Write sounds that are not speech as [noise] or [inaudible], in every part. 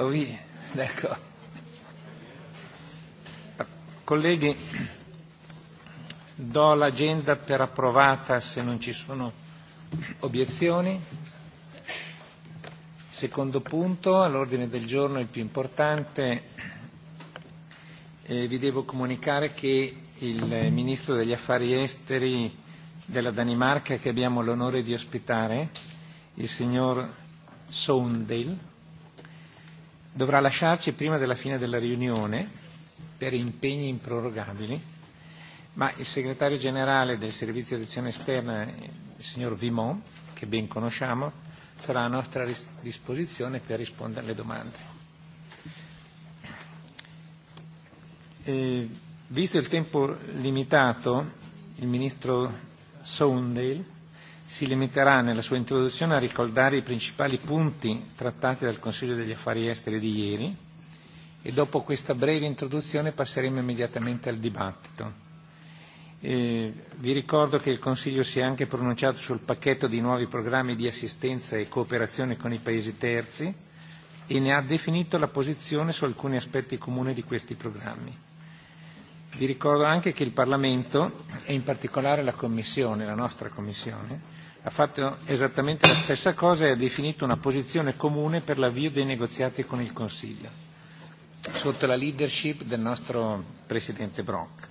Oui, d'accord. Colleghi, do l'agenda per approvata se non ci sono obiezioni. Secondo punto, all'ordine del giorno il più importante, eh, vi devo comunicare che il Ministro degli Affari Esteri della Danimarca che abbiamo l'onore di ospitare, il signor Soundale, dovrà lasciarci prima della fine della riunione per impegni improrogabili, ma il segretario generale del Servizio di Azione Esterna, il signor Vimont, che ben conosciamo, sarà a nostra disposizione per rispondere alle domande. E, visto il tempo limitato, il ministro Soundale si limiterà nella sua introduzione a ricordare i principali punti trattati dal Consiglio degli affari esteri di ieri e dopo questa breve introduzione passeremo immediatamente al dibattito. E vi ricordo che il Consiglio si è anche pronunciato sul pacchetto di nuovi programmi di assistenza e cooperazione con i Paesi terzi e ne ha definito la posizione su alcuni aspetti comuni di questi programmi. Vi ricordo anche che il Parlamento e in particolare la Commissione, la nostra Commissione, ha fatto esattamente la stessa cosa e ha definito una posizione comune per l'avvio dei negoziati con il Consiglio, sotto la leadership del nostro Presidente Brock.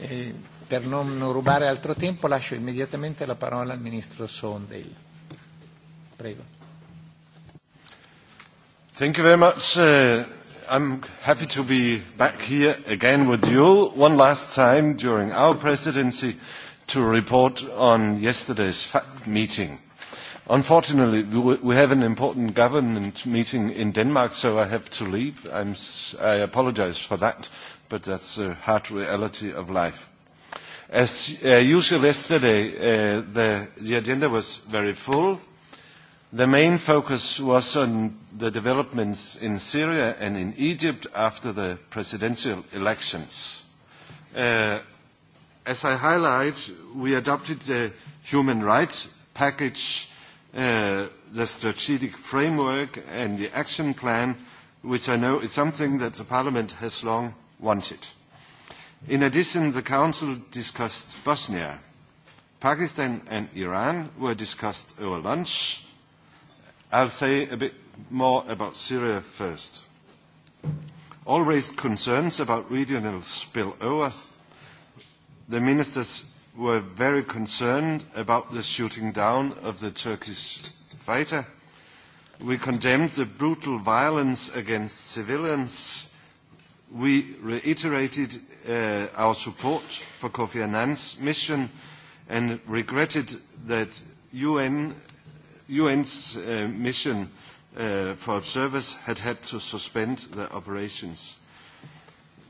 E per non rubare altro tempo lascio immediatamente la parola al Ministro Sondale. Prego. Thank you very much. Uh, I'm happy to be back here again with you one last time during our presidency to report on yesterday's fact meeting. Unfortunately, we have an important government meeting in Denmark, so I have to leave. I'm, I apologize for that, but that's a hard reality of life. As uh, usual yesterday, uh, the, the agenda was very full. The main focus was on the developments in Syria and in Egypt after the presidential elections. Uh, as I highlight, we adopted the human rights package, uh, the strategic framework and the action plan, which I know is something that the Parliament has long wanted. In addition, the Council discussed Bosnia. Pakistan and Iran were discussed over lunch. I'll say a bit more about Syria first. All raised concerns about regional spillover the ministers were very concerned about the shooting down of the Turkish fighter. We condemned the brutal violence against civilians. We reiterated uh, our support for Kofi Annan's mission and regretted that UN, UN's uh, mission uh, for observers had had to suspend the operations.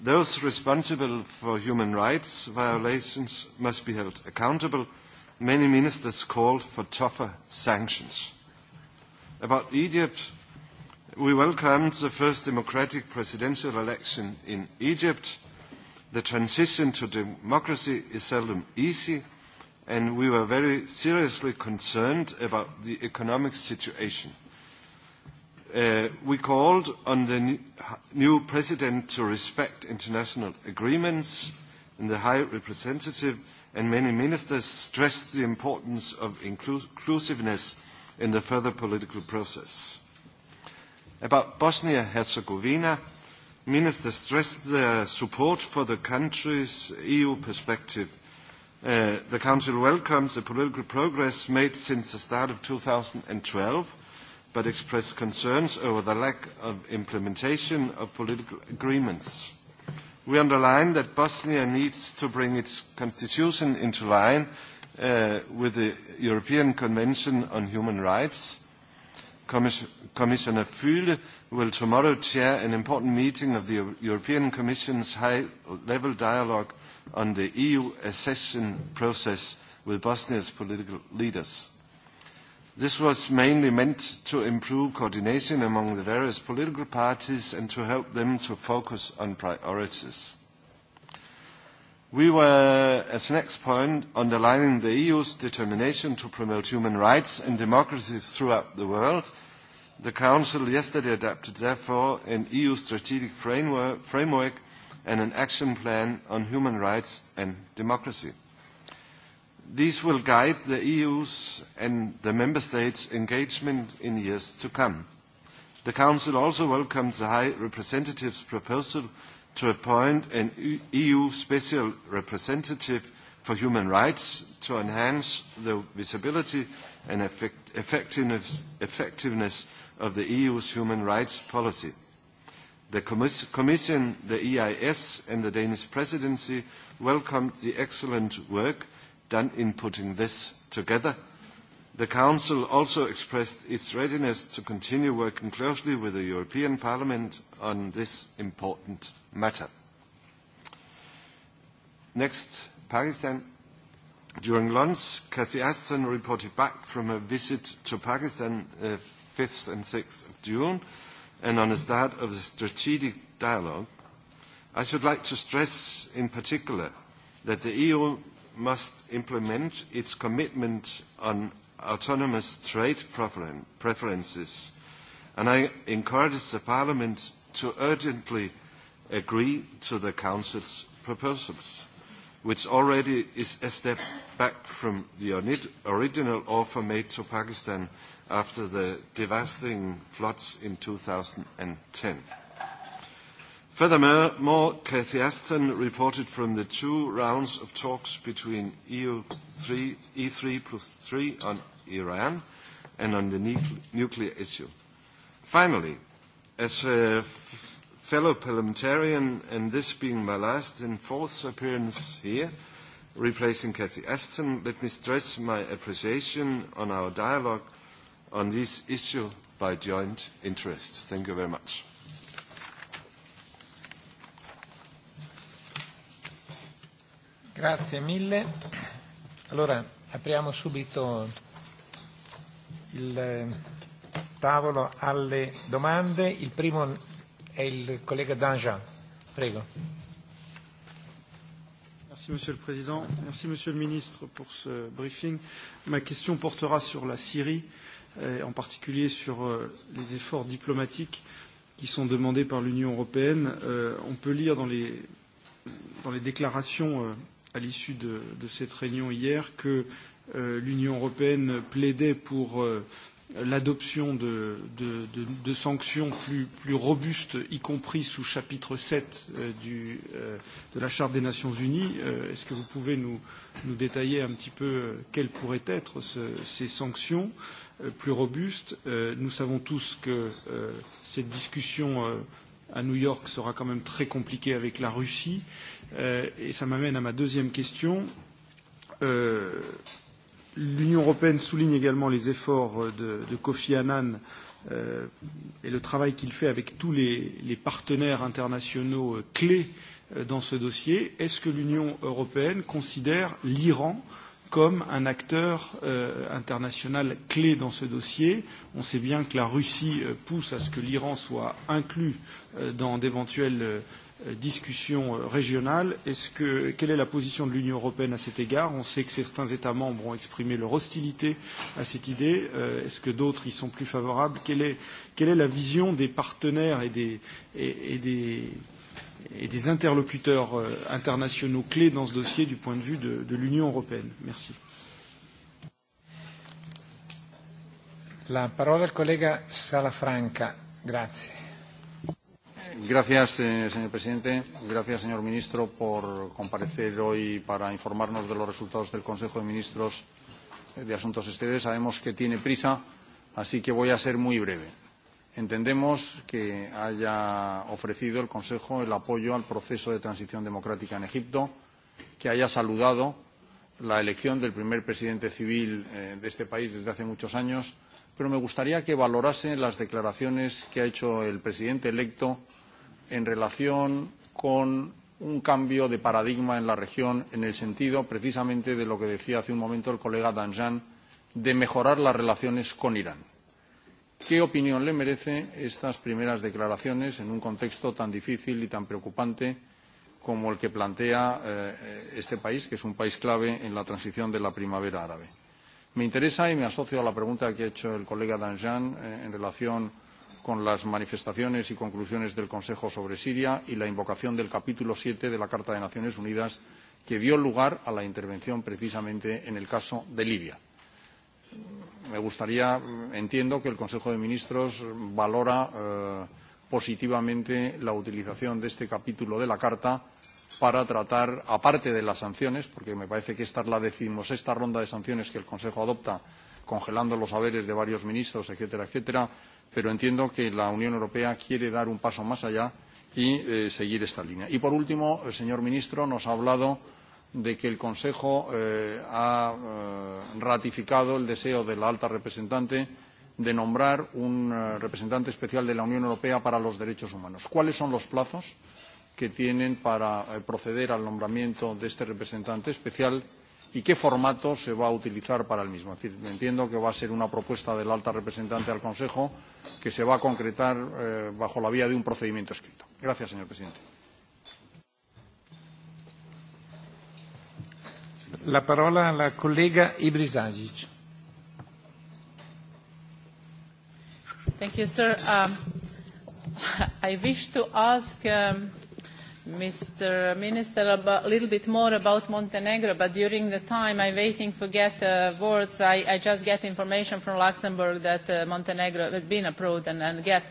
Those responsible for human rights violations must be held accountable. Many ministers called for tougher sanctions. About Egypt, we welcomed the first democratic presidential election in Egypt. The transition to democracy is seldom easy, and we were very seriously concerned about the economic situation. Uh, we called on the new president to respect international agreements, and the High Representative and many ministers stressed the importance of inclusiveness in the further political process. About Bosnia-Herzegovina, ministers stressed their support for the country's EU perspective. Uh, the Council welcomes the political progress made since the start of 2012 but expressed concerns over the lack of implementation of political agreements. We underline that Bosnia needs to bring its constitution into line uh, with the European Convention on Human Rights. Commis Commissioner Fühle will tomorrow chair an important meeting of the European Commission's high-level dialogue on the EU accession process with Bosnia's political leaders. This was mainly meant to improve coordination among the various political parties and to help them to focus on priorities. We were, as next point, underlining the EU's determination to promote human rights and democracy throughout the world. The Council yesterday adopted, therefore, an EU strategic framework, framework and an action plan on human rights and democracy. These will guide the EU's and the Member States' engagement in years to come. The Council also welcomes the High Representative's proposal to appoint an EU Special Representative for Human Rights to enhance the visibility and effect effectiveness, effectiveness of the EU's human rights policy. The commis Commission, the EIS and the Danish Presidency welcomed the excellent work done in putting this together. The Council also expressed its readiness to continue working closely with the European Parliament on this important matter. Next, Pakistan. During lunch, Cathy Aston reported back from a visit to Pakistan uh, 5th and 6th of June and on the start of the strategic dialogue. I should like to stress in particular that the EU must implement its commitment on autonomous trade preferen preferences, and I encourage the Parliament to urgently agree to the Council's proposals, which already is a step back from the original offer made to Pakistan after the devastating floods in 2010. Furthermore, Cathy Ashton reported from the two rounds of talks between eu three, E3 plus 3 on Iran and on the nuclear issue. Finally, as a fellow parliamentarian, and this being my last and fourth appearance here, replacing Cathy Ashton, let me stress my appreciation on our dialogue on this issue by joint interest. Thank you very much. Grazie mille. Allora, apriamo subito il eh, tavolo alle domande. Il primo è il collega Danjean. Prego. Merci Monsieur le Président. Merci Monsieur le Ministre pour ce briefing. Ma question portera sur la Syrie, et en particulier sur euh, les efforts diplomatiques qui sont demandés par l'Union européenne. Euh, on peut lire dans les, dans les déclarations euh, à l'issue de, de cette réunion hier que euh, l'Union européenne plaidait pour euh, l'adoption de, de, de, de sanctions plus, plus robustes, y compris sous chapitre 7 euh, du, euh, de la Charte des Nations Unies. Euh, Est-ce que vous pouvez nous, nous détailler un petit peu euh, quelles pourraient être ce, ces sanctions euh, plus robustes euh, Nous savons tous que euh, cette discussion euh, à New York sera quand même très compliquée avec la Russie. Euh, Euh, et ça m'amène à ma deuxième question. Euh, L'Union européenne souligne également les efforts de, de Kofi Annan euh, et le travail qu'il fait avec tous les, les partenaires internationaux euh, clés euh, dans ce dossier. Est-ce que l'Union européenne considère l'Iran comme un acteur euh, international clé dans ce dossier On sait bien que la Russie euh, pousse à ce que l'Iran soit inclus euh, dans d'éventuelles Euh, discussion euh, régionale. Est-ce que, quelle est la position de l'Union européenne à cet égard On sait que certains États membres ont exprimé leur hostilité à cette idée. Euh, Est-ce que d'autres y sont plus favorables quelle est, quelle est la vision des partenaires et des, et, et des, et des interlocuteurs euh, internationaux clés dans ce dossier du point de vue de, de l'Union européenne Merci. La parole al collega Salafranca. Grazie. Gracias, eh, señor presidente. Gracias, señor ministro, por comparecer hoy para informarnos de los resultados del Consejo de Ministros de Asuntos Exteriores. Sabemos que tiene prisa, así que voy a ser muy breve. Entendemos que haya ofrecido el Consejo el apoyo al proceso de transición democrática en Egipto, que haya saludado la elección del primer presidente civil eh, de este país desde hace muchos años, pero me gustaría que valorase las declaraciones que ha hecho el presidente electo en relación con un cambio de paradigma en la región en el sentido precisamente de lo que decía hace un momento el colega Danjan de mejorar las relaciones con Irán. ¿Qué opinión le merecen estas primeras declaraciones en un contexto tan difícil y tan preocupante como el que plantea eh, este país, que es un país clave en la transición de la primavera árabe? Me interesa y me asocio a la pregunta que ha hecho el colega Danjan eh, en relación con las manifestaciones y conclusiones del Consejo sobre Siria y la invocación del capítulo 7 de la Carta de Naciones Unidas que dio lugar a la intervención precisamente en el caso de Libia. Me gustaría, entiendo que el Consejo de Ministros valora eh, positivamente la utilización de este capítulo de la Carta para tratar, aparte de las sanciones, porque me parece que esta es la decimosexta ronda de sanciones que el Consejo adopta, congelando los haberes de varios ministros, etcétera, etcétera, pero entiendo que la Unión Europea quiere dar un paso más allá y eh, seguir esta línea. Y por último, el eh, señor ministro nos ha hablado de que el Consejo eh, ha eh, ratificado el deseo de la alta representante de nombrar un eh, representante especial de la Unión Europea para los derechos humanos. ¿Cuáles son los plazos que tienen para eh, proceder al nombramiento de este representante especial? y qué formato se va a utilizar para el mismo. Es decir, entiendo que va a ser una propuesta del alta representante al Consejo que se va a concretar eh, bajo la vía de un procedimiento escrito. Gracias, señor presidente. La parola la colega Ibrisagic. Thank you, sir. Um, [laughs] I wish to ask um, Mr. Uh, minister a little bit more about Montenegro, but during the time I'm waiting for get uh, words, I, I just get information from Luxembourg that uh, Montenegro has been approved and, and get,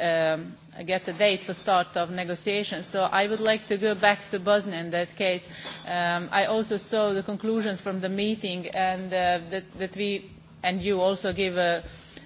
um, get a date for start of negotiations. So I would like to go back to Bosnia in that case. Um, I also saw the conclusions from the meeting and uh, that, that we and you also give a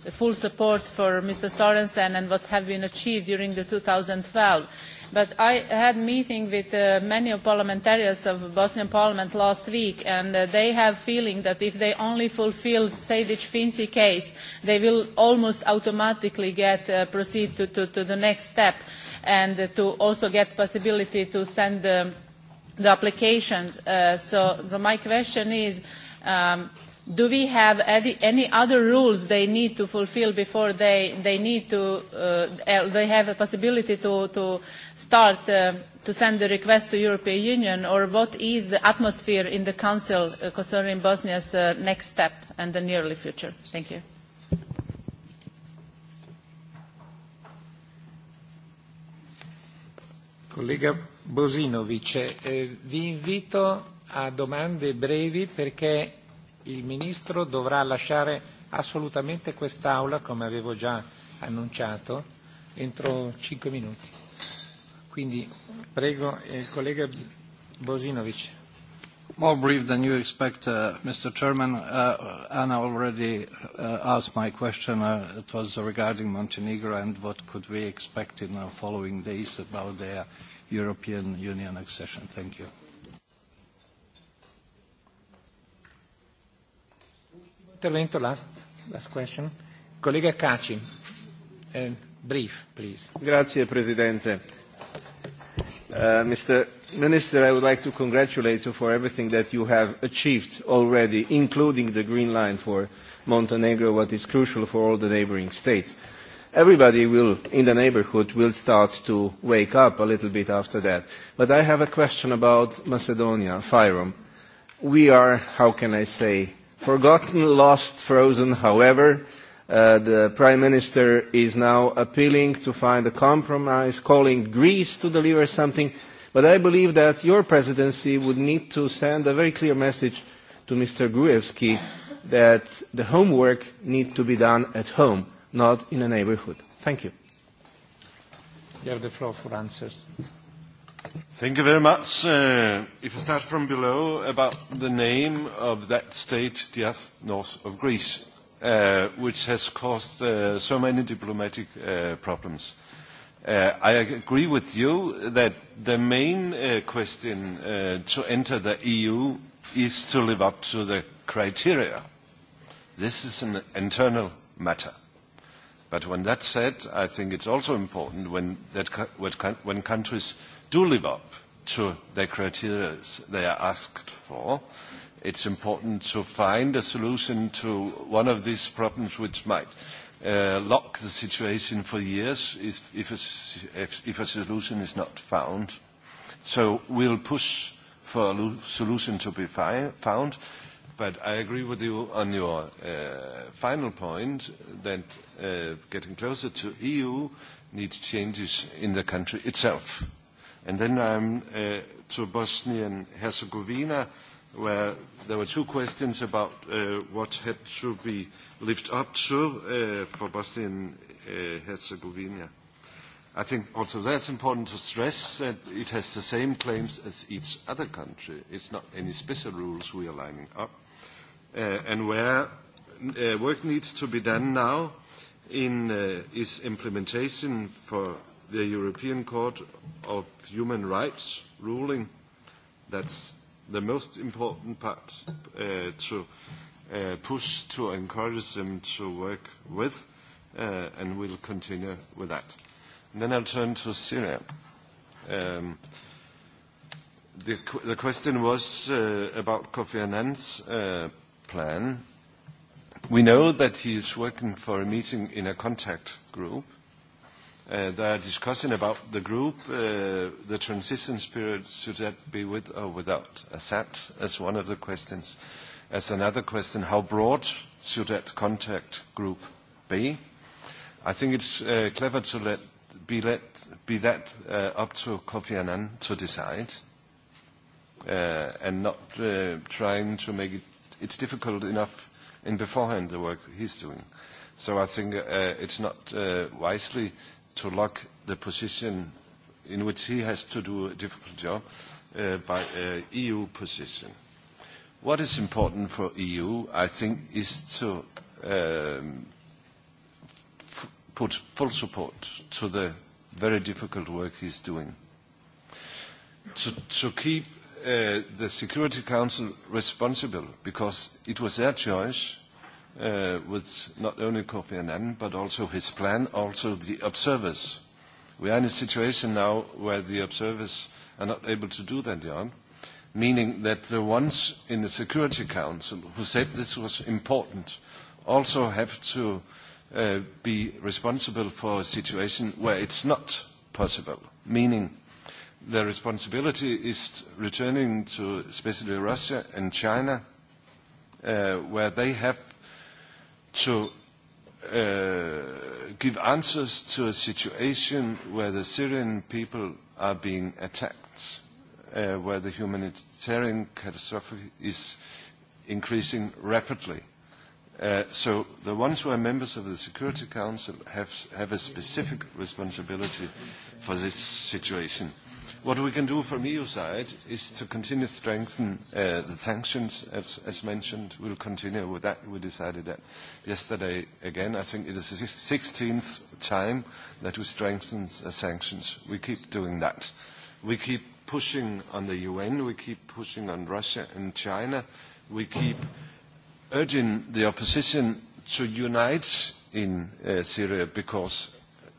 uh, full support for Mr. Sorensen and what have been achieved during the 2012. But I had a meeting with uh, many parliamentarians of Bosnian Parliament last week, and uh, they have feeling that if they only fulfill Sejdic-Finci case, they will almost automatically get uh, proceed to, to, to the next step and to also get possibility to send um, the applications. Uh, so, so my question is, um, Do we have any, any other rules they need to fulfill before they, they need to, uh, they have a possibility to, to start, uh, to send the request to European Union, or what is the atmosphere in the Council uh, concerning Bosnia's uh, next step and the nearly future? Thank you. Collega Bosinovic, eh, vi invito a domande brevi perché il Ministro dovrà lasciare assolutamente quest'Aula, come avevo già annunciato, entro cinque minuti. Quindi prego eh, il collega Bosinovic. More brief than you expect, uh, Mr. Chairman. Uh, Anna already uh, asked my question. Uh, it was regarding Montenegro and what could we expect in the following days about their European Union accession. Thank you. to last, last question. Collega Caci, eh, brief, please. Grazie, Presidente. Uh, Mr. Minister, I would like to congratulate you for everything that you have achieved already, including the green line for Montenegro, what is crucial for all the neighboring states. Everybody will, in the neighborhood will start to wake up a little bit after that. But I have a question about Macedonia, Fyrom. We are, how can I say, forgotten, lost, frozen. However, uh, the Prime Minister is now appealing to find a compromise, calling Greece to deliver something. But I believe that your presidency would need to send a very clear message to Mr. Gruevski that the homework needs to be done at home, not in a neighborhood. Thank you. You have the floor for answers. Thank you very much. Uh, if I start from below, about the name of that state just north of Greece, uh, which has caused uh, so many diplomatic uh, problems. Uh, I agree with you that the main uh, question uh, to enter the EU is to live up to the criteria. This is an internal matter. But when that's said, I think it's also important when, that, when countries – do live up to the criteria they are asked for, it's important to find a solution to one of these problems which might uh, lock the situation for years if, if, a, if, if a solution is not found. So we'll push for a solution to be fi found, but I agree with you on your uh, final point that uh, getting closer to EU needs changes in the country itself And then um, uh, to Bosnia and Herzegovina, where there were two questions about uh, what had to be lived up to uh, for Bosnia and uh, Herzegovina. I think also that's important to stress that it has the same claims as each other country. It's not any special rules we are lining up. Uh, and where uh, work needs to be done now in, uh, is implementation for the European Court of Human Rights ruling. That's the most important part uh, to uh, push to encourage them to work with, uh, and we'll continue with that. And then I'll turn to Syria. Um, the, qu the question was uh, about Kofi Annan's uh, plan. We know that he is working for a meeting in a contact group uh, they are discussing about the group, uh, the transition period, should that be with or without SAT, as one of the questions. As another question, how broad should that contact group be? I think it's uh, clever to let, be, let, be that uh, up to Kofi Annan to decide uh, and not uh, trying to make it, it's difficult enough in beforehand the work he's doing. So I think uh, it's not uh, wisely to lock the position in which he has to do a difficult job uh, by uh, EU position. What is important for EU, I think, is to um, f put full support to the very difficult work he's doing. To, to keep uh, the Security Council responsible, because it was their choice uh, with not only Kofi Annan, but also his plan, also the observers. We are in a situation now where the observers are not able to do that, Jan, meaning that the ones in the Security Council who said this was important also have to uh, be responsible for a situation where it's not possible, meaning the responsibility is returning to especially Russia and China, uh, where they have to uh, give answers to a situation where the Syrian people are being attacked, uh, where the humanitarian catastrophe is increasing rapidly. Uh, so the ones who are members of the Security Council have, have a specific responsibility for this situation. What we can do from EU side is to continue to strengthen uh, the sanctions, as, as mentioned. We'll continue with that. We decided that yesterday again. I think it is the 16th time that we strengthen the sanctions. We keep doing that. We keep pushing on the UN. We keep pushing on Russia and China. We keep urging the opposition to unite in uh, Syria because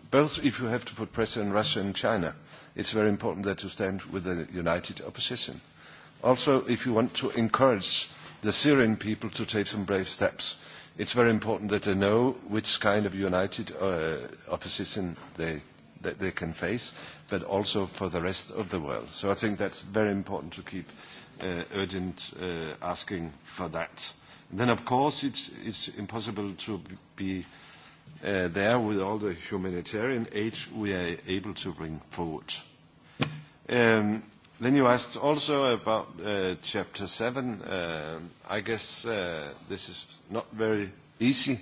both if you have to put pressure on Russia and China – it's very important that you stand with the united opposition. Also, if you want to encourage the Syrian people to take some brave steps, it's very important that they know which kind of united uh, opposition they, that they can face, but also for the rest of the world. So I think that's very important to keep uh, urgent uh, asking for that. And then, of course, it's, it's impossible to be uh, there with all the humanitarian aid we are able to bring forward. Um, then you asked also about uh, Chapter 7. Uh, I guess uh, this is not very easy,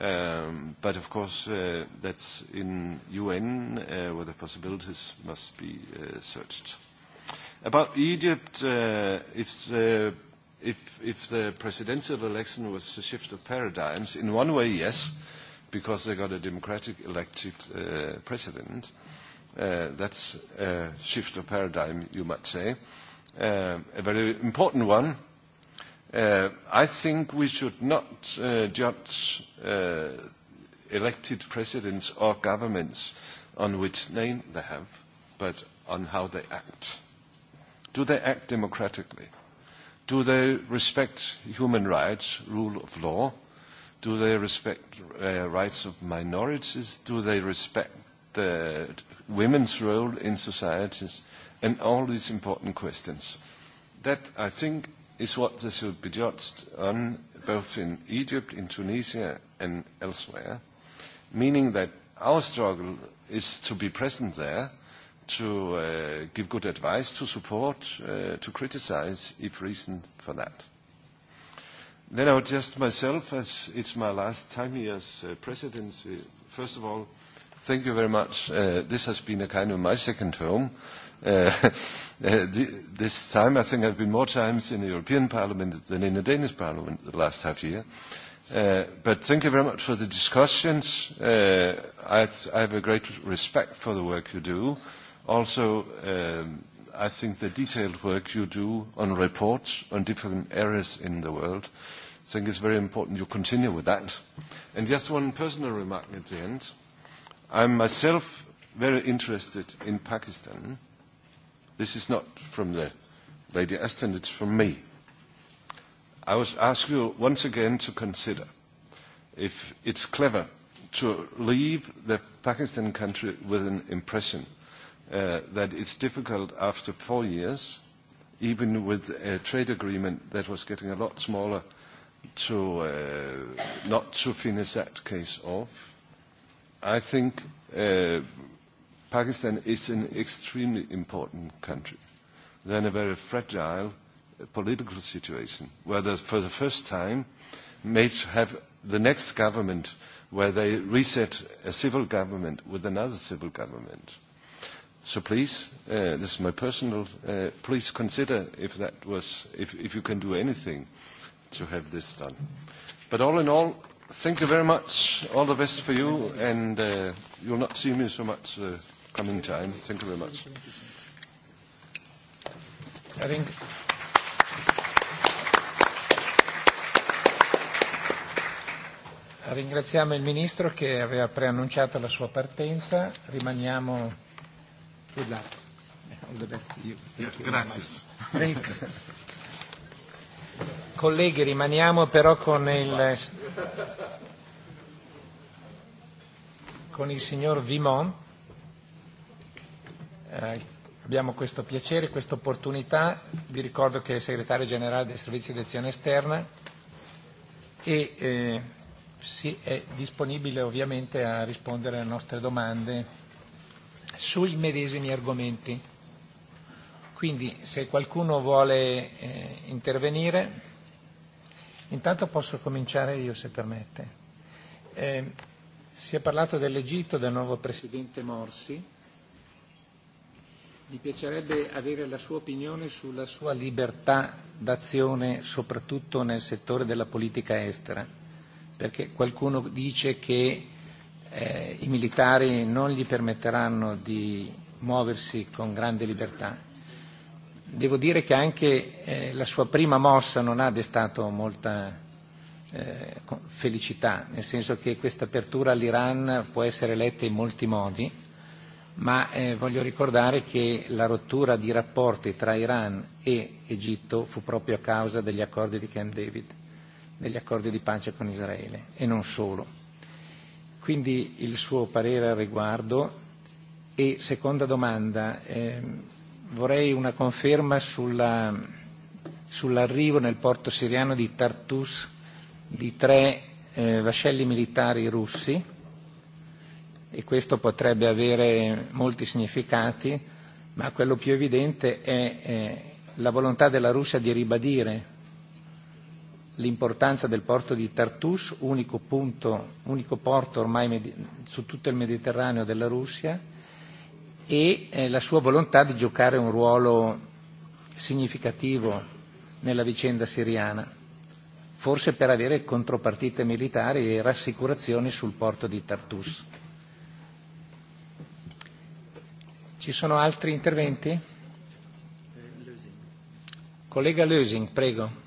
um, but of course uh, that's in UN uh, where the possibilities must be uh, searched. About Egypt, uh, if, the, if, if the presidential election was a shift of paradigms, in one way, yes, because they got a democratic elected uh, president. Uh, that's a shift of paradigm, you might say. Uh, a very important one. Uh, I think we should not uh, judge uh, elected presidents or governments on which name they have, but on how they act. Do they act democratically? Do they respect human rights, rule of law? Do they respect uh, rights of minorities? Do they respect the uh, women's role in societies? And all these important questions. That, I think, is what they should be judged on, both in Egypt, in Tunisia, and elsewhere, meaning that our struggle is to be present there, to uh, give good advice, to support, uh, to criticize, if reason for that. Then I would just myself, as it's my last time here as uh, President, first of all, thank you very much. Uh, this has been a kind of my second home. Uh, [laughs] uh, this time I think I've been more times in the European Parliament than in the Danish Parliament the last half year. Uh, but thank you very much for the discussions. Uh, I, I have a great respect for the work you do. Also, um, I think the detailed work you do on reports on different areas in the world, I think it's very important you continue with that. And just one personal remark at the end. I'm myself very interested in Pakistan. This is not from the Lady Aston, it's from me. I would ask you once again to consider if it's clever to leave the Pakistan country with an impression – uh, that it's difficult after four years, even with a trade agreement that was getting a lot smaller, to uh, not to finish that case off. I think uh, Pakistan is an extremely important country. They're in a very fragile uh, political situation where they, for the first time, may have the next government where they reset a civil government with another civil government So please, uh, this is my personal, uh, please consider if that was, if, if you can do anything to have this done. But all in all, thank you very much. All the best for you, and uh, you'll not see me so much uh, coming time. Thank you very much. I think Ringraziamo il Ministro che aveva preannunciato la sua partenza, rimaniamo Good luck. [laughs] All the best to you. Thank you grazie. [laughs] Colleghi, rimaniamo però con il, con il signor Vimon. Eh, abbiamo questo piacere, questa opportunità. Vi ricordo che è segretario generale dei servizi di azione esterna e eh, si è disponibile ovviamente a rispondere alle nostre domande sui medesimi argomenti. Quindi se qualcuno vuole eh, intervenire, intanto posso cominciare io se permette. Eh, si è parlato dell'Egitto, del nuovo Presidente Morsi. Mi piacerebbe avere la sua opinione sulla sua libertà d'azione, soprattutto nel settore della politica estera, perché qualcuno dice che eh, i militari non gli permetteranno di muoversi con grande libertà. Devo dire che anche eh, la sua prima mossa non ha destato molta eh, felicità, nel senso che questa apertura all'Iran può essere letta in molti modi, ma eh, voglio ricordare che la rottura di rapporti tra Iran e Egitto fu proprio a causa degli accordi di Camp David, degli accordi di pace con Israele e non solo. Quindi il suo parere al riguardo. E seconda domanda, eh, vorrei una conferma sulla, sull'arrivo nel porto siriano di Tartus di tre eh, vascelli militari russi e questo potrebbe avere molti significati, ma quello più evidente è eh, la volontà della Russia di ribadire l'importanza del porto di Tartus, unico, punto, unico porto ormai su tutto il Mediterraneo della Russia, e eh, la sua volontà di giocare un ruolo significativo nella vicenda siriana, forse per avere contropartite militari e rassicurazioni sul porto di Tartus. Ci sono altri interventi? Collega Lösing, prego.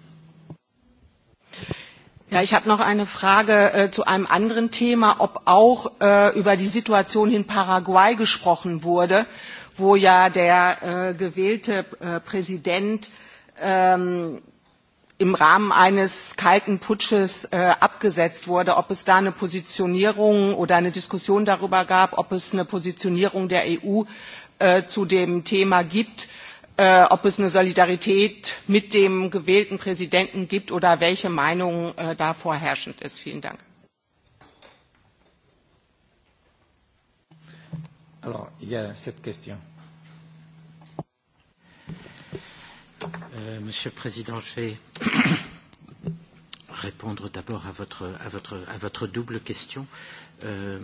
Ja, ich habe noch eine Frage äh, zu einem anderen Thema, ob auch äh, über die Situation in Paraguay gesprochen wurde, wo ja der äh, gewählte äh, Präsident ähm, im Rahmen eines kalten Putsches äh, abgesetzt wurde, ob es da eine Positionierung oder eine Diskussion darüber gab, ob es eine Positionierung der EU äh, zu dem Thema gibt äh, ob es eine Solidarität mit dem gewählten Präsidenten gibt oder welche Meinung äh, da vorherrschend ist. Vielen Dank. Alors, il y a cette question. Euh, Monsieur le Président, je vais répondre d'abord à votre, à, votre, à votre double question. Euh,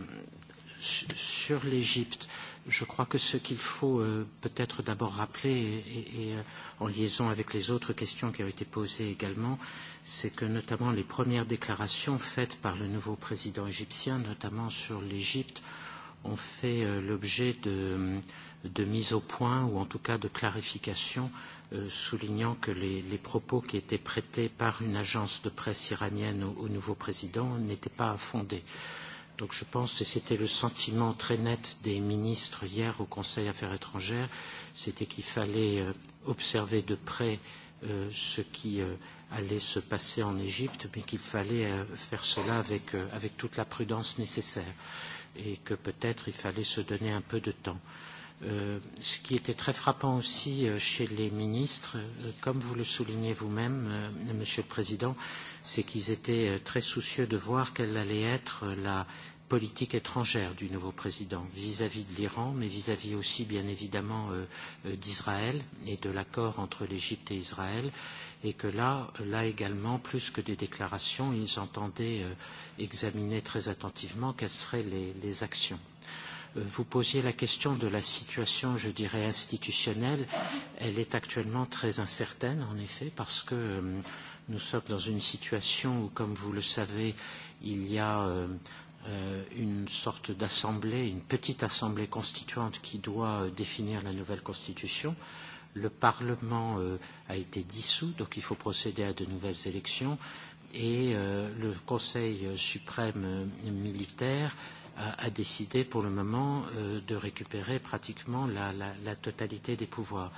sur l'Égypte, euh, je crois que ce qu'il faut euh, peut-être d'abord rappeler, et, et euh, en liaison avec les autres questions qui ont été posées également, c'est que notamment les premières déclarations faites par le nouveau président égyptien, notamment sur l'Égypte, ont fait euh, l'objet de, de mise au point ou en tout cas de clarification, euh, soulignant que les, les propos qui étaient prêtés par une agence de presse iranienne au, au nouveau président n'étaient pas fondés. Euh, Donc je pense, que c'était le sentiment très net des ministres hier au Conseil Affaires étrangères, c'était qu'il fallait euh, observer de près euh, ce qui euh, allait se passer en Égypte, mais qu'il fallait faire cela avec, avec toute la prudence nécessaire et que peut-être il fallait se donner un peu de temps. Euh, ce qui était très frappant aussi euh, chez les ministres, euh, comme vous le soulignez vous-même, euh, Monsieur le Président, c'est qu'ils étaient euh, très soucieux de voir quelle allait être euh, la politique étrangère du nouveau président vis-à-vis -vis de l'Iran, mais vis-à-vis -vis aussi bien évidemment euh, euh, d'Israël et de l'accord entre l'Égypte et Israël, et que là, là également, plus que des déclarations, ils entendaient euh, examiner très attentivement quelles seraient les, les actions. Euh, vous posiez la question de la situation, je dirais, institutionnelle. Elle est actuellement très incertaine, en effet, parce que euh, nous sommes dans une situation où, comme vous le savez, il y a euh, euh, une sorte d'assemblée, une petite assemblée constituante qui doit euh, définir la nouvelle constitution. Le Parlement euh, a été dissous, donc il faut procéder à de nouvelles élections. Et euh, le Conseil euh, suprême euh, militaire a, a décidé pour le moment euh, de récupérer pratiquement la, la, la totalité des pouvoirs.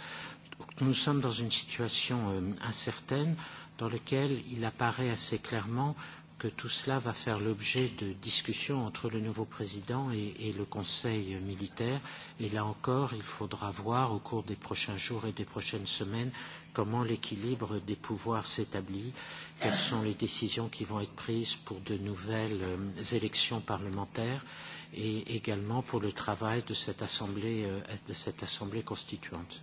Nous sommes dans une situation euh, incertaine dans laquelle il apparaît assez clairement que tout cela va faire l'objet de discussions entre le nouveau président et, et le conseil militaire. Et là encore, il faudra voir au cours des prochains jours et des prochaines semaines comment l'équilibre des pouvoirs s'établit, quelles sont les décisions qui vont être prises pour de nouvelles euh, élections parlementaires et également pour le travail de cette assemblée, euh, de cette assemblée constituante.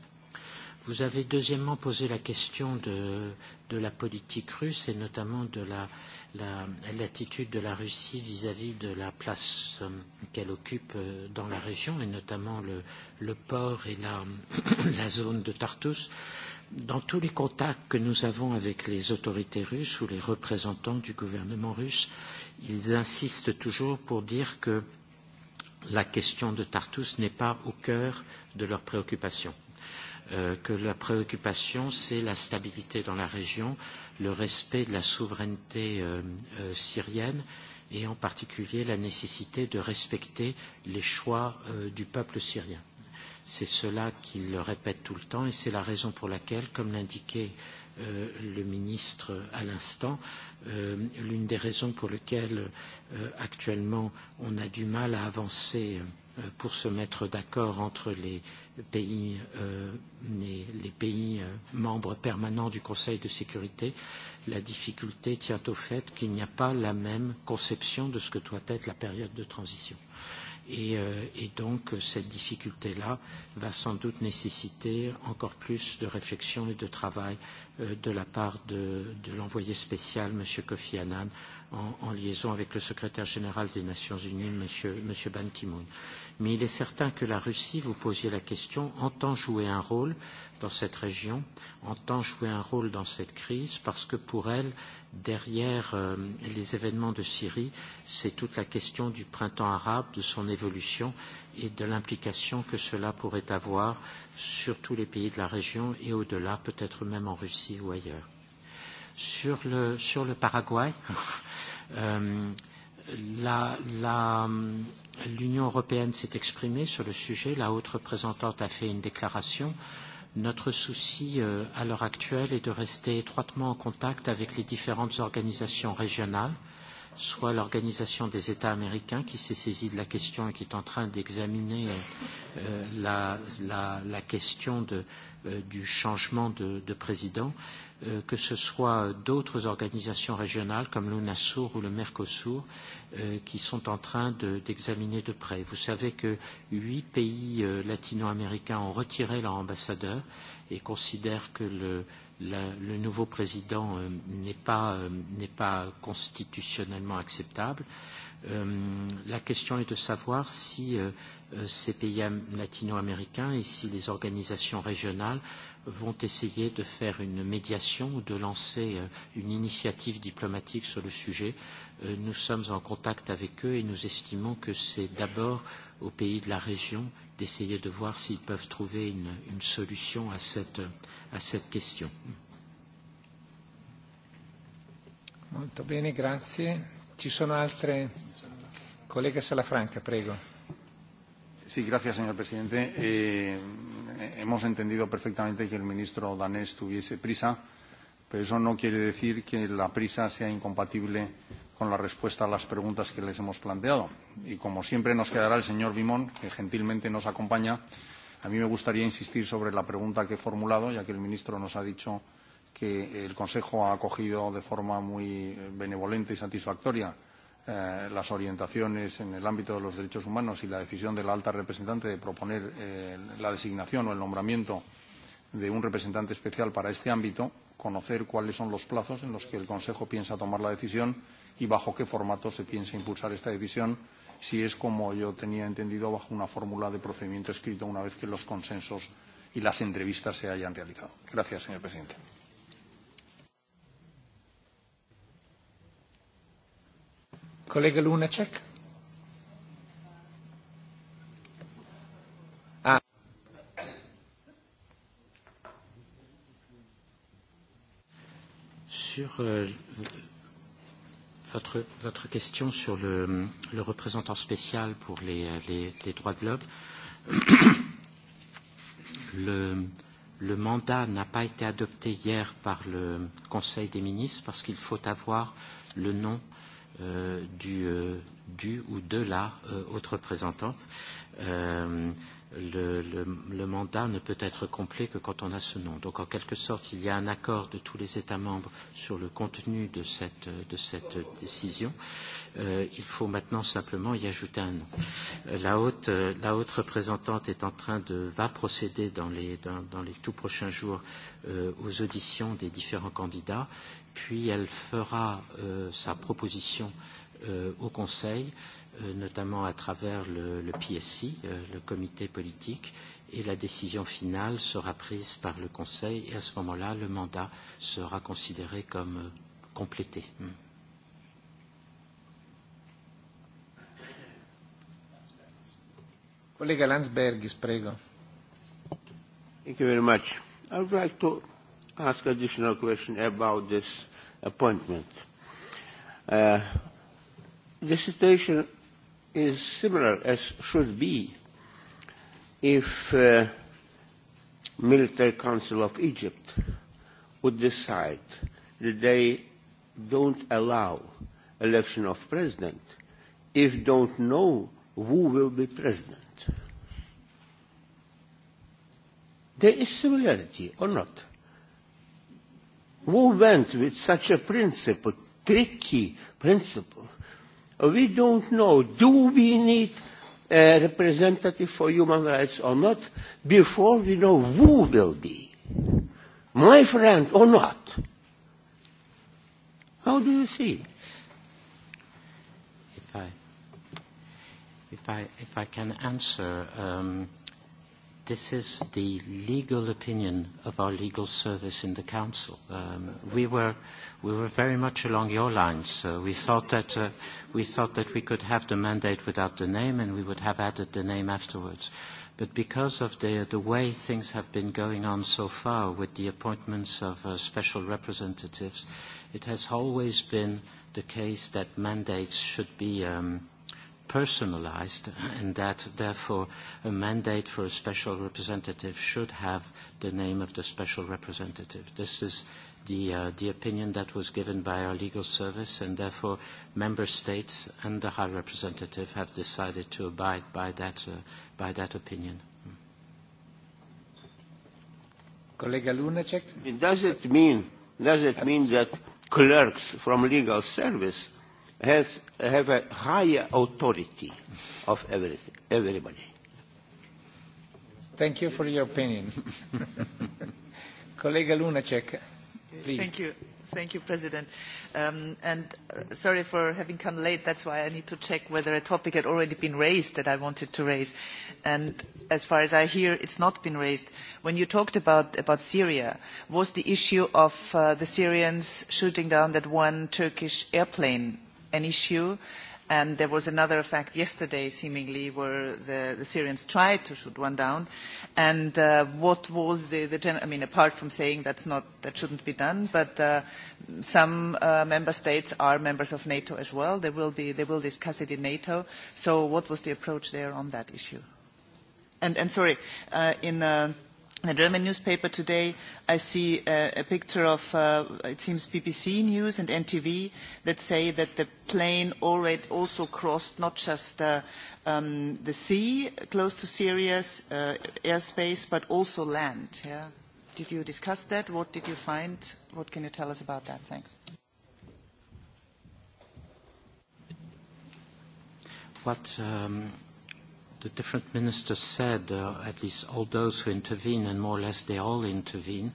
Vous avez deuxièmement posé la question de, de la politique russe et notamment de l'attitude la, la, de la Russie vis-à-vis -vis de la place euh, qu'elle occupe euh, dans la région et notamment le, le port et la, [coughs] la zone de Tartus. Dans tous les contacts que nous avons avec les autorités russes ou les représentants du gouvernement russe, ils insistent toujours pour dire que la question de Tartus n'est pas au cœur de leurs préoccupations Euh, que la préoccupation, c'est la stabilité dans la région, le respect de la souveraineté euh, euh, syrienne et en particulier la nécessité de respecter les choix euh, du peuple syrien. C'est cela qu'il le répète tout le temps et c'est la raison pour laquelle, comme l'indiquait euh, le ministre à l'instant, euh, l'une des raisons pour lesquelles euh, actuellement on a du mal à avancer euh, Euh, pour se mettre d'accord entre les pays, euh, les, les pays euh, membres permanents du Conseil de sécurité. La difficulté tient au fait qu'il n'y a pas la même conception de ce que doit être la période de transition. Et, euh, et donc cette difficulté-là va sans doute nécessiter encore plus de réflexion et de travail euh, de la part de, de l'envoyé spécial, M. Kofi Annan, en, en liaison avec le secrétaire général des Nations Unies, M. Monsieur, monsieur Ban Ki-moon. Mais il est certain que la Russie, vous posiez la question, entend jouer un rôle dans cette région, entend jouer un rôle dans cette crise, parce que pour elle, derrière euh, les événements de Syrie, c'est toute la question du printemps arabe, de son évolution et de l'implication que cela pourrait avoir sur tous les pays de la région et au-delà, peut-être même en Russie ou ailleurs. Sur le, sur le Paraguay, [laughs] euh, l'Union européenne s'est exprimée sur le sujet, la haute représentante a fait une déclaration. Notre souci euh, à l'heure actuelle est de rester étroitement en contact avec les différentes organisations régionales, soit l'Organisation des États américains qui s'est saisie de la question et qui est en train d'examiner euh, la, la, la question de, euh, du changement de, de président, Euh, que ce soit d'autres organisations régionales comme l'UNASUR ou le Mercosur euh, qui sont en train d'examiner de, de près. Vous savez que huit pays euh, latino-américains ont retiré leur ambassadeur et considèrent que le, la, le nouveau président n'est pas, pas constitutionnellement acceptable. Euh, la question est de savoir si euh, Euh, ces pays latino-américains et si les organisations régionales vont essayer de faire une médiation ou de lancer euh, une initiative diplomatique sur le sujet. Euh, nous sommes en contact avec eux et nous estimons que c'est d'abord aux pays de la région d'essayer de voir s'ils peuvent trouver une, une solution à cette, à cette question. Molto bene, grazie. Ci sono altre... Collega Salafranca, prego. Sí, gracias, señor presidente. Eh, hemos entendido perfectamente que el ministro danés tuviese prisa, pero eso no quiere decir que la prisa sea incompatible con la respuesta a las preguntas que les hemos planteado. Y como siempre nos quedará el señor Vimón, que gentilmente nos acompaña, a mí me gustaría insistir sobre la pregunta que he formulado, ya que el ministro nos ha dicho que el Consejo ha acogido de forma muy benevolente y satisfactoria Eh, las orientaciones en el ámbito de los derechos humanos y la decisión de la alta representante de proponer eh, la designación o el nombramiento de un representante especial para este ámbito, conocer cuáles son los plazos en los que el Consejo piensa tomar la decisión y bajo qué formato se piensa impulsar esta decisión, si es como yo tenía entendido bajo una fórmula de procedimiento escrito una vez que los consensos y las entrevistas se hayan realizado. Gracias, señor presidente. Kollega Lunacek? Ah. Sur euh, votre, votre question sur le, le représentant spécial pour les, les, les droits de l'homme, [coughs] le, le mandat n'a pas été adopté hier par le Conseil des ministres parce qu'il faut avoir le nom euh, du, euh, du ou de la euh, haute représentante. Euh, le, le, le mandat ne peut être complet que quand on a ce nom. Donc en quelque sorte, il y a un accord de tous les États membres sur le contenu de cette, de cette décision. Euh, il faut maintenant simplement y ajouter un nom. Euh, la haute, la haute représentante est en train de va procéder dans les, dans, dans les tout prochains jours euh, aux auditions des différents candidats, puis elle fera euh, sa proposition euh, au Conseil. Euh, Euh, notamment à travers le, le PSI, euh, le comité politique, et la décision finale sera prise par le Conseil et à ce moment-là, le mandat sera considéré comme euh, complété. Hmm. Collega Landsbergis, prego. Thank you very much. I would like to ask additional question about this appointment. Uh, the situation is similar as should be if uh, military council of Egypt would decide that they don't allow election of president if don't know who will be president. There is similarity or not. Who went with such a principle, tricky principle, we don't know, do we need a representative for human rights or not, before we know who will be, my friend or not. How do you see? If I, if I, if I can answer, um, This is the legal opinion of our legal service in the Council. Um, we, were, we were very much along your lines. So we, thought that, uh, we thought that we could have the mandate without the name and we would have added the name afterwards. But because of the, the way things have been going on so far with the appointments of uh, special representatives, it has always been the case that mandates should be um, personalized and that therefore a mandate for a special representative should have the name of the special representative. This is the, uh, the opinion that was given by our legal service and therefore member states and the high representative have decided to abide by that, uh, by that opinion. Collega Lunacek? It mean, does it mean that clerks from legal service has, have a higher authority of everything, everybody. Thank you for your opinion. [laughs] Colleague Lunacek, please. Thank you. Thank you, President. Um, and uh, sorry for having come late. That's why I need to check whether a topic had already been raised that I wanted to raise. And as far as I hear, it's not been raised. When you talked about, about Syria, was the issue of uh, the Syrians shooting down that one Turkish airplane an issue. And there was another effect yesterday, seemingly, where the, the Syrians tried to shoot one down. And uh, what was the, the gen I mean, apart from saying that's not, that shouldn't be done, but uh, some uh, member states are members of NATO as well. They will, be, they will discuss it in NATO. So what was the approach there on that issue? And, and sorry, uh, in... Uh, the German newspaper today, I see uh, a picture of, uh, it seems, BBC News and NTV that say that the plane already also crossed not just uh, um, the sea close to Syria's uh, airspace, but also land. Yeah? Did you discuss that? What did you find? What can you tell us about that? Thanks. What um, the different ministers said, uh, at least all those who intervene, and more or less they all intervene,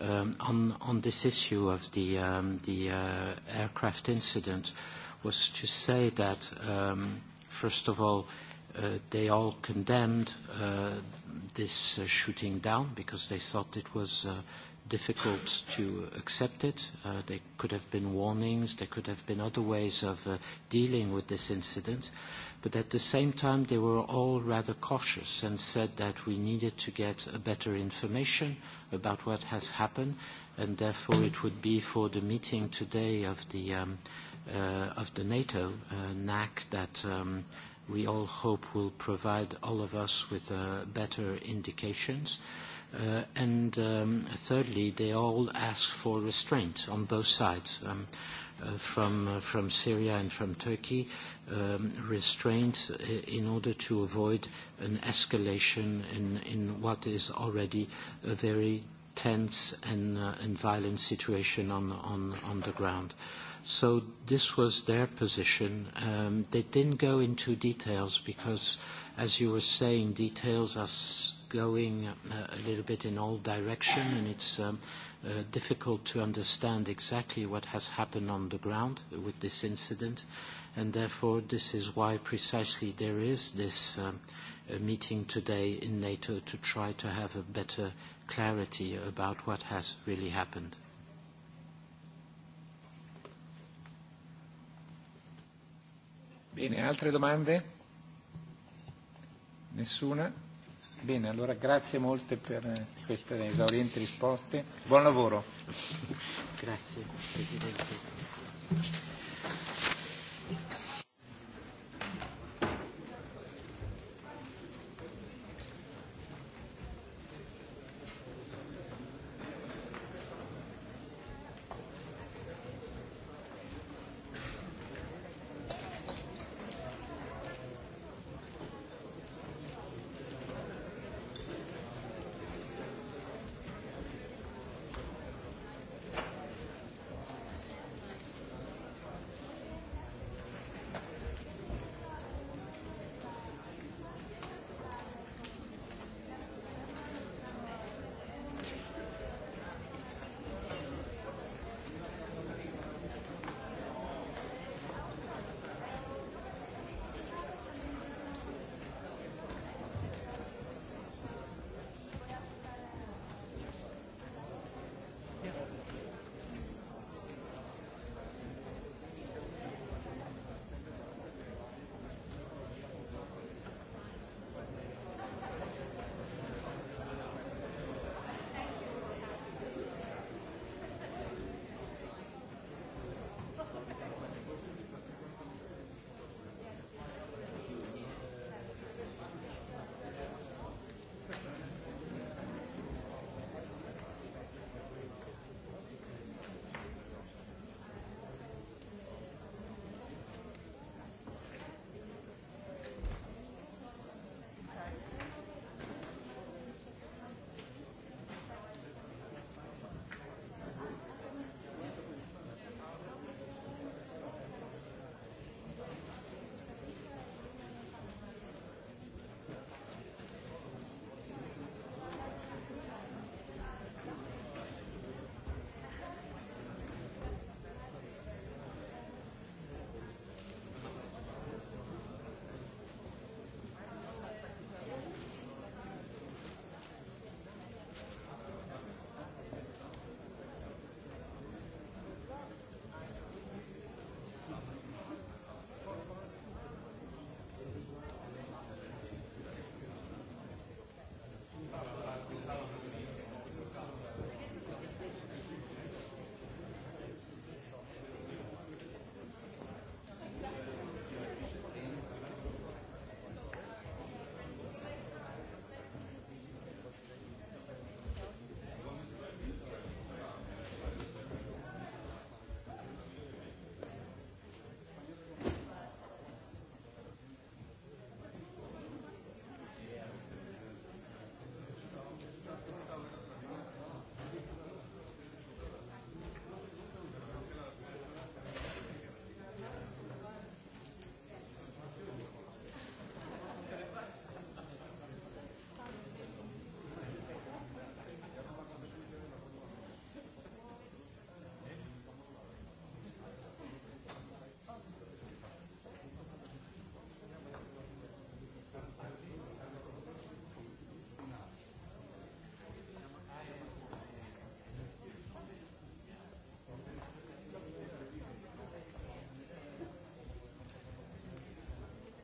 um, on, on this issue of the, um, the uh, aircraft incident was to say that, um, first of all, uh, they all condemned uh, this uh, shooting down because they thought it was uh, difficult to accept it. Uh, there could have been warnings, there could have been other ways of uh, dealing with this incident. But at the same time, they were all rather cautious and said that we needed to get better information about what has happened, and therefore it would be for the meeting today of the, um, uh, of the NATO uh, NAC that um, we all hope will provide all of us with uh, better indications. Uh, and um, thirdly, they all ask for restraint on both sides, um, uh, from, uh, from Syria and from Turkey, um, restraint in order to avoid an escalation in, in what is already a very tense and, uh, and violent situation on, on, on the ground. So this was their position. Um, they didn't go into details because, as you were saying, details are going uh, a little bit in all direction and it's um, uh, difficult to understand exactly what has happened on the ground with this incident and therefore this is why precisely there is this um, meeting today in NATO to try to have a better clarity about what has really happened. Bene, altre domande? Nessuna? Bene, allora grazie molte per eh, queste esaurienti risposte. Buon lavoro. Grazie Presidente.